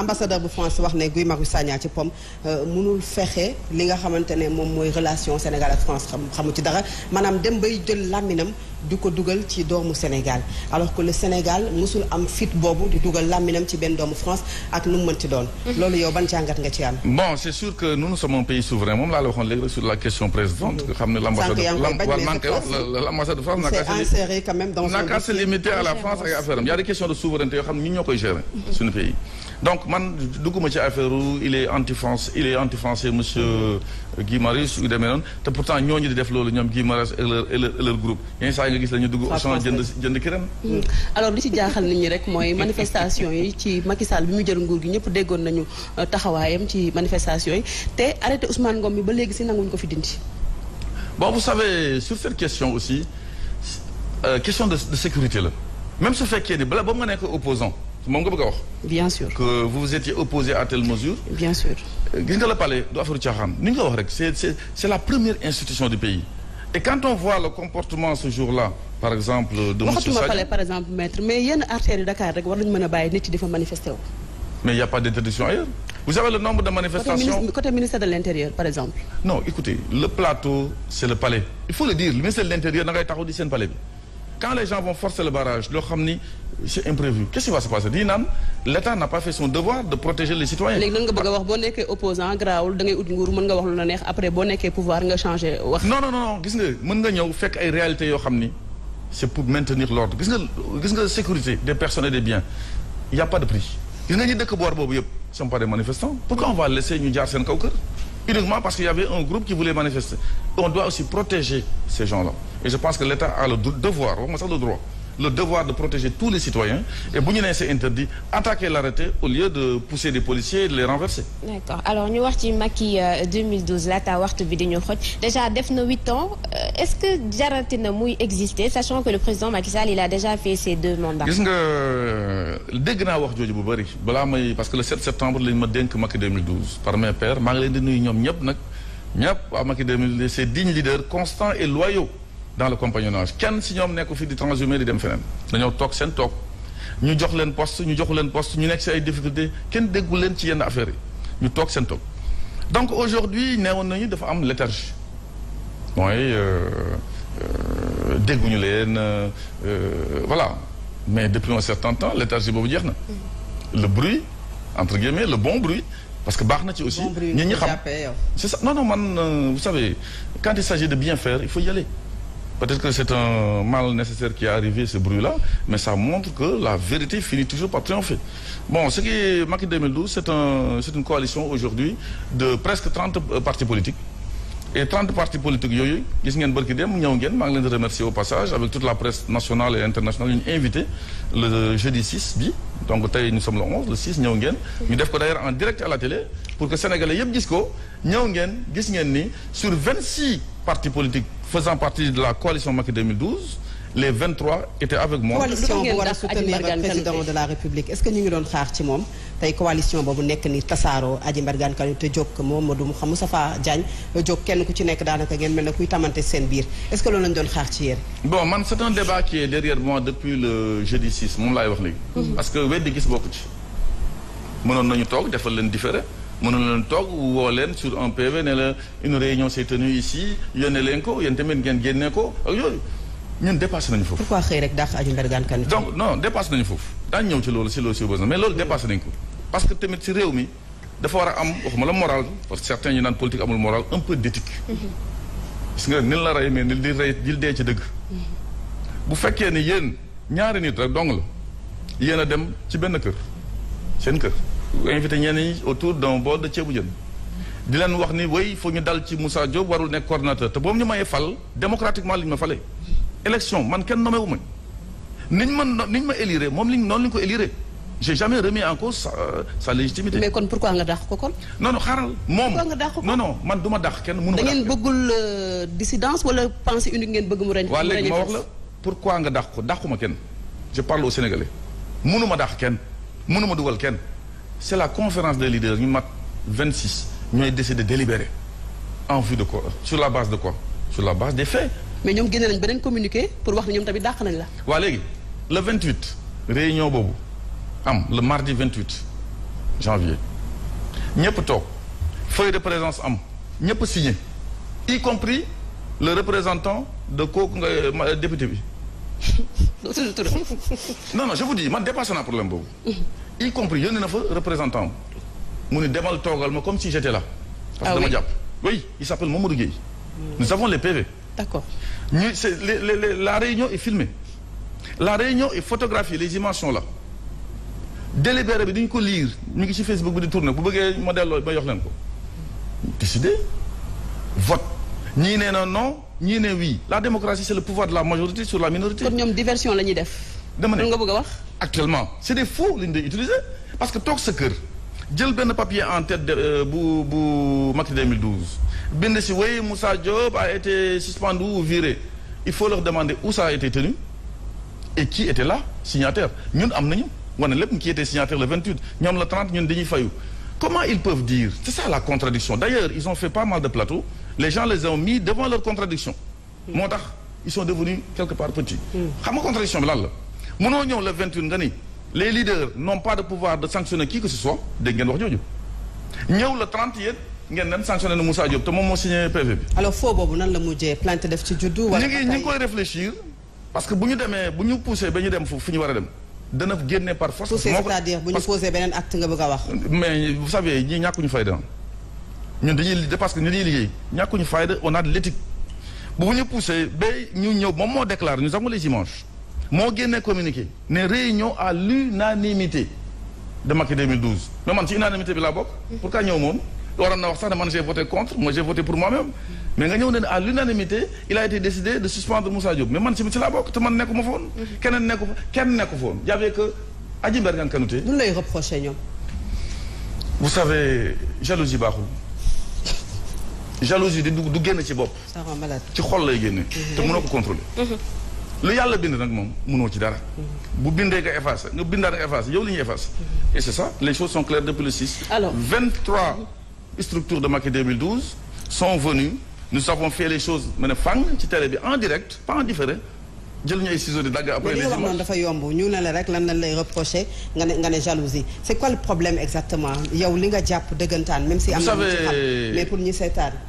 ambassadeur bu France wax ne Guy Marius Sagna ci POM euh, mënul fexe li nga xamante ne moom mooy relation Sénégal ak France xam xamu ci dara maanaam dem bay jël làmminam du ko dugal ci doomu Sénégal alors que le Sénégal musul am fit boobu di dugal làmminam ci benn doomu France ak nu mënti doon. Mhm. loolu yow ban jàngat nga ci am. bon c'est sûr que nous nous sommes un pays souverain moom laa la waxoon léegi sur la question présidente. Mhm. xam ne l'ambassadeur l'ambassade n'a qu'à se limiter à la France ak donc man dugguma ci affaire il est anti France il est anti français monsieur euh, Guy Marius yu demee noonu te pourtant ñooñu di def loolu ñoom Guy Marius et leur et leur groupe yi nga gis la ñu dugg Auchan jënd jënd hmm. alors li ci jaaxal nit ñi rek mooy manifestation yi ci Macky bi mu jël nguur gi ñëpp déggoon nañu euh, taxawaayam ci manifestation yi te arrêté Ousmane Ngom bi ba léegi si nanguñ ko fi dindi bon vous savez sur cette question aussi euh, question de sécurité la même su fekkee ni bala ba mu nekk opposant moom nga bëgg wax. bien sûr que vous vous étiez opposé à telle bien sûr. Euh, gis nga le palais du affaire caaxaan ni nga ko wax rek c'est c'est c'est la première institution du pays et quand on voit le comportement ce jour-là par exemple. de monsieur Sadio mais yenn artères Dakar rek war nañu mën a bàyyi nit yi dafa manifester mais il y a pas d'interdiction ailleurs. vous savez le nombre de manifestations non écoutez le plateau c'est le palais il faut le dire le ministère de l'intérieur quand les gens vont forcer le barrage loo xam ni c'est imprévu qu'est-ce qui va se passer di l'État n'a pas fait son devoir de protéger les citoyens. léegi nga bëgg a wax boo nekkee opposant graawul da ngay nguur mën nga wax lu la neex après boo nekkee pouvoir nga changer wax. non non non gis nga mën nga ñëw fekk ay réalités yoo xam ni c'est pour maintenir l'ordre gis nga gis sécurité des personnes et des biens il pas de prix. gis nga ñi dëkk yëpp ce sont pas des manifestants pourquoi on va laisser ñu jaar seen kaw kër et je pense que l'État a le devoir waxuma sax le droit le devoir de protéger tous les citoyens et bu ñu nee interdit attaquer l'arrêté au lieu de pousser des policiers et de les renverser. d'accord alors ñu wax ci Macky 2012 euh, laata waxtu bi dañu xoj déjà def na huit ans euh, est-ce que jarati na muy exister sachant que le président Macky Sall il a déjà fait ses deux mandats. gis nga euh, dégg naa wax jooju bu bari balaa may que le ma par mes pairs maa ngi leen di nuyu ñoom ñëpp nag ñëpp waa Macky 2012 dignes leaders constants dans le compagnonnage kenn si ñoom nekku fi di transhumé di dem feneen dañoo toog seen toog ñu jox leen poste ñu joxu leen poste ñu nekk si ay difficulté kenn déggu leen ci yenn affaires yi ñu toog seen toog donc aujourd'hui neewoon nañu dafa am léthargie mooy euh, euh, dégguñu leen euh, voilà mais depuis un certain temps léthargie boobu jeex na le bruit entre guillemets le bon bruit parce que baax na ci aussi ñu ñi xam c'est ça non non man vous savez quand il s'agit de bien faire il faut y aller Peut-être que c'est un mal nécessaire qui est arrivé, ce bruit-là, mais ça montre que la vérité finit toujours par triompher. ce qui est Maki 2012, c'est une coalition aujourd'hui de presque 30 euh, partis politiques. Et 30 partis politiques yooyu gis ngeen barki dem ñëw ngeen maa ngi leen di remercier au passage avec toute la presse nationale et internationale ñu invité le jeudi 6 donc tey nous sommes le 11 le 6 ñëw ngeen ñu def ko d'ailleurs en direct à la télé pour que sénégalais yëpp gis ñëw ngeen gis ngeen ni sur 26 partis politiques faisant partie de la coalition a soutenir boobu nekk ni tasaaroo Adji Mbargane Kanouté te jóg Mamadou Moustapha Diagne jóg kenn ku ci nekk daanaka ngeen mel ne kuy tamante seen biir est ce que loolu lañ doon xaar ci yéen. bon man c' est un depuis le jeudi moom laay wax léegi. Mhm. parce que weddi gis bokku ci. mënoon nañu toog defal leen différé. mënoon leen toog woo leen sur un PV ne la une réunion s'est tenue ici yónnee leen ko yéen tamit ngeen génne ko ak yooyu ñun dépassé nañu foofu. pourquoi xëy rek dàq Adji Mbergane Kanouté. donc non dépassé nañu foofu daañu ñëw ci loolu si loolu si besoin mais loolu dépassé nañu ko parce que tamit si réew mi dafa war a am waxuma la moral parce que certains ñu naan politique amul moral un peu d'éthique. la rey mais nil di rey nil dee ci dëgg. bu fekkee ni yéen ñaari nit rek dong la yéen a dem ci benn kër seen invité ñenn ñi autour d'un bol de ceebu jën di leen wax ni way foog ñu dal ci Moussa Diop warul nekk te boobu ñu mayee fal démocratiquement li ñu ma falee élection man kenn nommé wu ma niñ ma niñ ma élire moom liñ noonu li ñu ko élire j'ai jamais remis en cause sa, sa légitimité. mais kon nga dàq ko kon. non non xaaral moom pourquoi nga dàq ko non non man du ma dàq kenn mënu ma. da ngeen bëggul euh, wala pensée unique ngeen bëgg mu reñ. mu waa léegi ma wax la pourquoi ko dàqu ma kenn je parle au sénégalais mënu ma dàq kenn mënu ma dugal kenn. c'est la conférence des leaders ñu mat 26 ñooy décider délibérer en vue de quoi sur la base de quoi sur la base des faits. mais ñoom génne nañ beneen communiqué pour wax ne ñoom tamit dàq nañ la. waa léegi le 28 réunion boobu am le mardi 28 janvier ñëpp toog feuille de présence am ñëpp signé y compris le représentant de kooku nga député bi. non non je vous dis man dépassé naa problème boobu. y compris na fa représentant mu ni demal toogal ma comme si j'étais là. parce que ah dama jàpp oui il s'appelle Mamadou Gueye. nous avons les PV. d'accord ñu c'est la réunion est filmée la réunion est photographiée les images sont délibéré bi duñ ko liir ñu ngi ci Facebook bi di tourner bu bëggee ma delloo ma yox leen ko. décider vote ñii nee na non ñii ne oui la démocratie c'est le pouvoir de la majorité sur la minorité. kon ñoom diversion la ñuy def. dama ne nga bëgg a wax. actuellement c' est des faux lañ day utiliser parce que toog sa kër jël benn papier en tête de euh, bu bu Macky 2012 bind si wey Moussa Diop a été suspendu ou il faut leur demander où sa a été tenu et qui était là signataire ñun am nañu wane lépp qui était signataire le 28 ñoom le 30 ñun dañuy fayu comment ils peuvent dire c' ça la contradiction d' ailleurs ils ont fait pas mal de plateaux les gens les ont mis devant leur moo tax ils sont devenus xam nga contradiction bi la mënoo ñëw le 21 nga ni les leaders n'ont pas de pouvoir de sanctionner qui que ce soit dégg ngeen wax jooju ñëw le 30 yéen ngeen dem sanctionné na Moussa Diop te moom moo signé PV bi. alors foo boobu nan la mujjee plainte def ci juddu. wala ñu ngi ñu ngi koy bu ñu demee bu ñu poussé ba ñu dem fu ñu war a dem. dana génne par force. poussé c'est-à-dire bu ñu posé parce que ñu dañuy liggéey ñàkkuñu ñu poussé ba ñu ñëw moom moo déclaré nous avons les moo génne communiqué ne réunion à l'unanimité de Macky 2012 mais man ci unanimité bi laa bokk. pourquoi ñëw moom waroon na wax sax ne man j'ai voté contre moi j'ai voté pour moi-même. mais nga ñëw ne à l'unanimité il a été décidé de suspendre Moussa Diop mais man ci ci laa bokk te man nekku ma keneen nekku fa kenn nekku foon jafe que Adji Mbergane Kanouté. lu lay reproché ñoom. vous savez jalousie baaxul. jalousie du génn ci bopp. ça rend ci xool lay génne. Mm-hmm. te mënoo ko contrôler. Mm-hmm. lu yàlla bind nag moom mënoo ci dara. Mm-hmm. bu bindee nga effacé nga bindaat nga effacé yow li ñuy effacé. Mm-hmm. et c' est les choses sont claires depuis le 6. alors 23 mm-hmm. structures de Macky 2012 sont venues nous avons fait les choses ma ne fang ci télé bi en direct pas en différé. jël ñu ay ciseaux di dagg après les images dafa yomb ñu ne la rek lan lañ lay reproché nga ne nga ne jalousie c' est problème exactement yow li nga jàpp dëggantaan même si. am na mais pour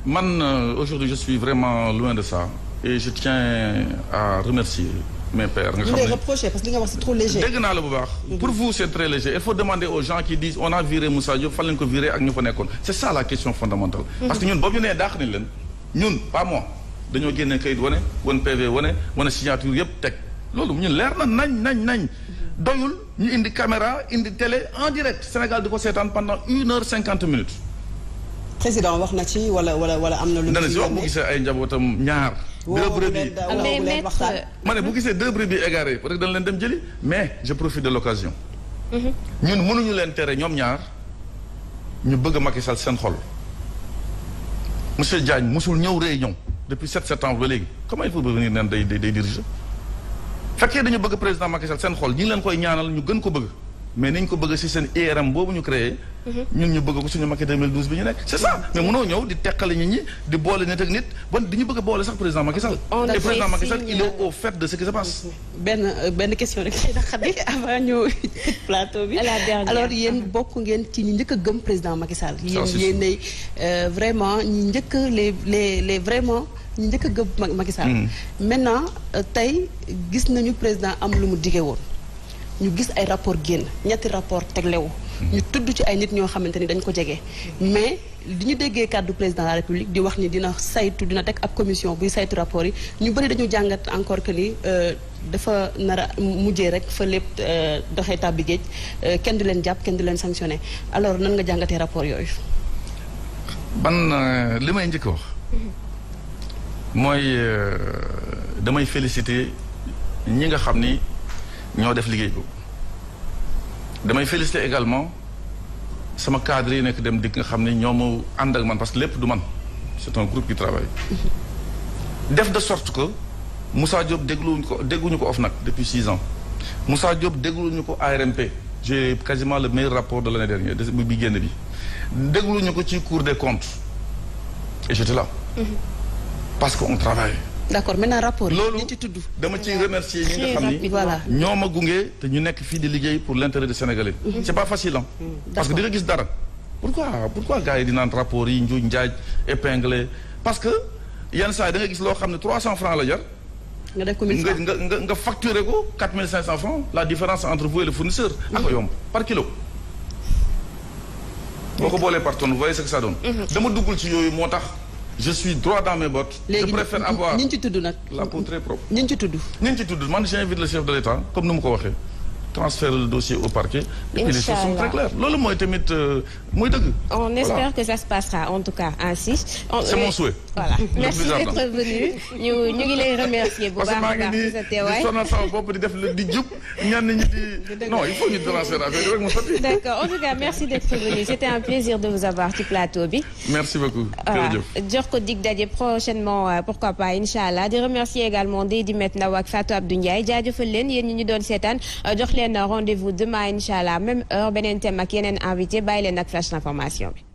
man euh, aujourd'hui vraiment loin de ça. et je tiens à remercier mes pères. nga xam ne reproché parce que li naa la bu baax. Mm-hmm. pour vous c'est très léger il faut demander aux gens qui disent on a viré Moussa Diop fan lañ ko viré ak ñu fa nekkoon c'est ça la question fondamentale. Mm-hmm. parce que ñun boobu ñu nee daax nañ leen ñun pas moi dañoo génne kayit wane wan PV wane wane signature yëpp teg loolu ñun leer na nañ nañ nañ. Mm-hmm. doyul ñu indi caméra indi télé en direct Sénégal di ko seetaan pendant une heure cinquante minutes. président wax na ci wala wala wala am na. lu mu ci wax bu gisee ñaar. deux brebis mais maître ma ne bu gisee deux brebis égarées peut-être dañ leen dem jëli mais je profite de l'occasion mhm. ñun mënuñu leen tere ñoom ñaar ñu bëgg a Macky Sall seen xol monsieur Diagne mosul ñëw réunion depuis sept septembre ba léegi comment il faut revenir neen day day diriger fekkee dañu bëgg président Macky Sall seen xol ñi ngi leen koy ñaanal ñu gën ko bëgg mais nañ ko bëgg si seen IRM boobu ñu créé. Mm-hmm. ñun ñu bëgg ko suñu Macky bi ñu nekk c' est ça mais mënoo ñëw di teqale nit ñi di boole nit ak nit bon di ñu bëgg boole sax président Macky Sall. on président Macky Sall il est benn benn question rek si ndax avant ñu plateau bi. yéen bokk ngeen ci ñi njëkk a gëm président Macky Sall. yéen yéenay euh, vraiment njëkk les les les vraiment ñi njëkk a gëm Macky Sall. Mm. maintenant euh, tey gis nañu président am lu mu dige woon. ñu gis ay rapport génn ñetti rapport teglewu mhm. ñu tudd ci ay nit ñoo xamante ni dañ ko jege. mais li ñu déggee kàddu président la république di wax ni dina saytu dina teg ab commission buy saytu rapport yi ñu bëri dañu jàngat encore que ni euh, dafa nara a mujjee rek fa lépp euh, doxee tàbbi géej euh, kenn du leen jàpp kenn du leen sanctionné alors nan nga jàngate rapport yooyu. ban li may njëkk wax. mooy damay féliciter ñi nga xam ni. ñoo def liggéey boobu damay féliciter également sama cadre yi nekk dem dikk nga xam ne ñoo ma ànd ak man parce que lépp du man c'est un groupe qui travaille def de sorte que Moussa Diop dégluwuñu ko dégguñu ko nag depuis six ans Moussa Diop dégluwuñu ko ARMP j'ai quasiment le meilleur rapport de l'année dernière bu bi génne bi dégluñu ko ci Cour des comptes et j'étais là parce qu'on travaille d'accord maintenant rapport loolu ci tudd dama ciy remercier ñi nga xam ni ñoo ma gunge te ñu nekk fii di liggéey pour l'intérêt des Sénégalais mhm. c'est pas facile ah parce que di gis dara pourquoi pourquoi gars yi di naan rapport yi njuuj njaaj épinglé parce que yenn saa yi da gis loo xam ne trois cent francs la jar nga def ko mille francs nga nga ko quatre mille cinq cent francs la différence entre vous et le fournisseur mhm. ak yomb par kilo boo ko boolee par tonne vous voyez ce que ça donne dama duggul ci yooyu moo tax je suis droit dans mes bottes. je préfère avoir léegi ñi ci tudd nag. la peau très propre. ñi ci tudd. ñi ñu ci tudd le chef de l'État comme ni mu ko waxee. transférer le dossier au parquet. et puis les choses sont très claires loolu mooy tamit euh, mooy dëgg. on espère que ça se passera en tout cas ainsi. c'est mon euh, souhait. voilà merci d'être venu ñu ñu ngi lay remercier bu baax a baax ci sa teewaay parce que maa ngi nii di sonal sama bopp di def di jub ñenn ñi di. non il faut ñu relancer affaire yi rek mu sotti. d'accord en tout cas merci d'être venu c'était un plaisir de vous avoir ci plateau bi. merci beaucoup jërëjëf jox ko dig daje prochainement euh, pourquoi pas incha allah di remercier également Ndeye Met Ndaw ak Fatou Abdou Ndiaye jaajëfal leen yéen ñi ñu doon seetaan euh, jox leen rendez-vous demain incha allah même heure beneen thème ak yeneen invité bàyyi leen ak flash d'information bi.